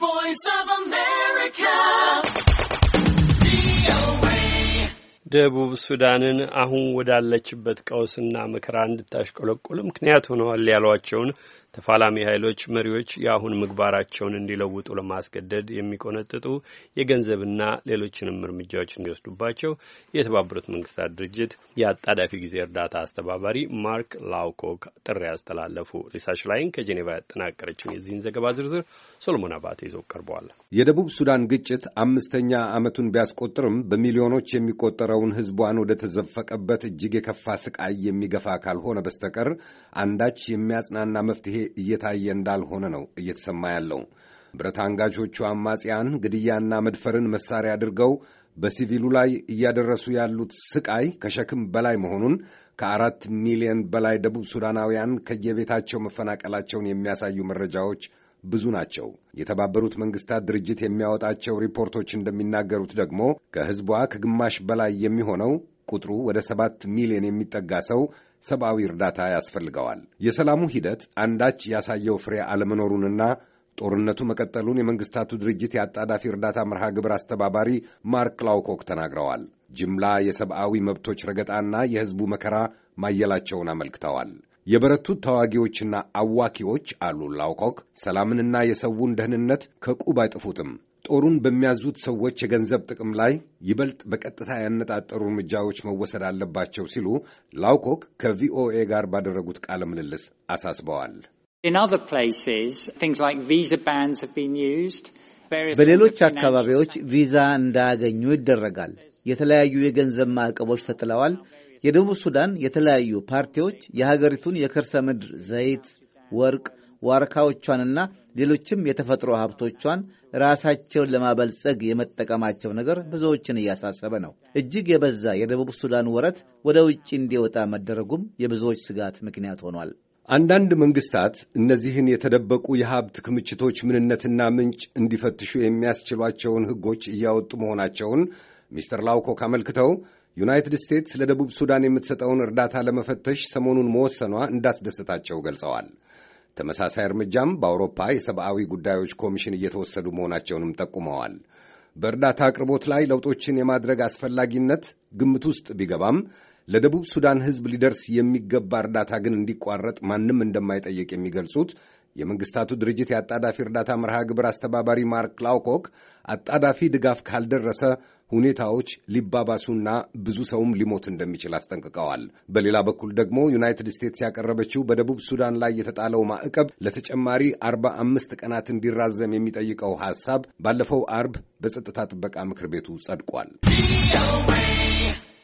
voice of America. ደቡብ ሱዳንን አሁን ወዳለችበት ቀውስና መከራ እንድታሽቆለቁል ምክንያት ሆነዋል ያሏቸውን ተፋላሚ ኃይሎች መሪዎች የአሁን ምግባራቸውን እንዲለውጡ ለማስገደድ የሚቆነጥጡ የገንዘብና ሌሎችንም እርምጃዎች እንዲወስዱባቸው የተባበሩት መንግስታት ድርጅት የአጣዳፊ ጊዜ እርዳታ አስተባባሪ ማርክ ላውኮክ ጥሪ ያስተላለፉ። ሊሳ ሽላይን ከጄኔቫ ያጠናቀረችውን የዚህን ዘገባ ዝርዝር ሶሎሞን አባቴ ይዞ ቀርበዋል። የደቡብ ሱዳን ግጭት አምስተኛ ዓመቱን ቢያስቆጥርም በሚሊዮኖች የሚቆጠረውን ህዝቧን ወደ ተዘፈቀበት እጅግ የከፋ ስቃይ የሚገፋ ካልሆነ በስተቀር አንዳች የሚያጽናና መፍትሄ እየታየ እንዳልሆነ ነው እየተሰማ ያለው። ብረት አንጋቾቹ አማጽያን ግድያና መድፈርን መሳሪያ አድርገው በሲቪሉ ላይ እያደረሱ ያሉት ስቃይ ከሸክም በላይ መሆኑን ከአራት ሚሊዮን በላይ ደቡብ ሱዳናውያን ከየቤታቸው መፈናቀላቸውን የሚያሳዩ መረጃዎች ብዙ ናቸው። የተባበሩት መንግስታት ድርጅት የሚያወጣቸው ሪፖርቶች እንደሚናገሩት ደግሞ ከሕዝቧ ከግማሽ በላይ የሚሆነው ቁጥሩ ወደ ሰባት ሚሊዮን የሚጠጋ ሰው ሰብአዊ እርዳታ ያስፈልገዋል። የሰላሙ ሂደት አንዳች ያሳየው ፍሬ አለመኖሩንና ጦርነቱ መቀጠሉን የመንግስታቱ ድርጅት የአጣዳፊ እርዳታ መርሃ ግብር አስተባባሪ ማርክ ላውኮክ ተናግረዋል። ጅምላ የሰብአዊ መብቶች ረገጣና የሕዝቡ መከራ ማየላቸውን አመልክተዋል። የበረቱት ተዋጊዎችና አዋኪዎች አሉ ላውኮክ፣ ሰላምንና የሰውን ደህንነት ከቁብ አይጥፉትም። ጦሩን በሚያዙት ሰዎች የገንዘብ ጥቅም ላይ ይበልጥ በቀጥታ ያነጣጠሩ እርምጃዎች መወሰድ አለባቸው ሲሉ ላውኮክ ከቪኦኤ ጋር ባደረጉት ቃለ ምልልስ አሳስበዋል። በሌሎች አካባቢዎች ቪዛ እንዳያገኙ ይደረጋል። የተለያዩ የገንዘብ ማዕቀቦች ተጥለዋል። የደቡብ ሱዳን የተለያዩ ፓርቲዎች የሀገሪቱን የከርሰ ምድር ዘይት፣ ወርቅ ዋርካዎቿንና ሌሎችም የተፈጥሮ ሀብቶቿን ራሳቸውን ለማበልጸግ የመጠቀማቸው ነገር ብዙዎችን እያሳሰበ ነው። እጅግ የበዛ የደቡብ ሱዳን ወረት ወደ ውጭ እንዲወጣ መደረጉም የብዙዎች ስጋት ምክንያት ሆኗል። አንዳንድ መንግስታት እነዚህን የተደበቁ የሀብት ክምችቶች ምንነትና ምንጭ እንዲፈትሹ የሚያስችሏቸውን ሕጎች እያወጡ መሆናቸውን ሚስተር ላውኮክ አመልክተው ዩናይትድ ስቴትስ ለደቡብ ሱዳን የምትሰጠውን እርዳታ ለመፈተሽ ሰሞኑን መወሰኗ እንዳስደሰታቸው ገልጸዋል። ተመሳሳይ እርምጃም በአውሮፓ የሰብአዊ ጉዳዮች ኮሚሽን እየተወሰዱ መሆናቸውንም ጠቁመዋል። በእርዳታ አቅርቦት ላይ ለውጦችን የማድረግ አስፈላጊነት ግምት ውስጥ ቢገባም ለደቡብ ሱዳን ሕዝብ ሊደርስ የሚገባ እርዳታ ግን እንዲቋረጥ ማንም እንደማይጠየቅ የሚገልጹት የመንግስታቱ ድርጅት የአጣዳፊ እርዳታ መርሃ ግብር አስተባባሪ ማርክ ላውኮክ አጣዳፊ ድጋፍ ካልደረሰ ሁኔታዎች ሊባባሱና ብዙ ሰውም ሊሞት እንደሚችል አስጠንቅቀዋል። በሌላ በኩል ደግሞ ዩናይትድ ስቴትስ ያቀረበችው በደቡብ ሱዳን ላይ የተጣለው ማዕቀብ ለተጨማሪ አርባ አምስት ቀናት እንዲራዘም የሚጠይቀው ሐሳብ ባለፈው አርብ በጸጥታ ጥበቃ ምክር ቤቱ ጸድቋል።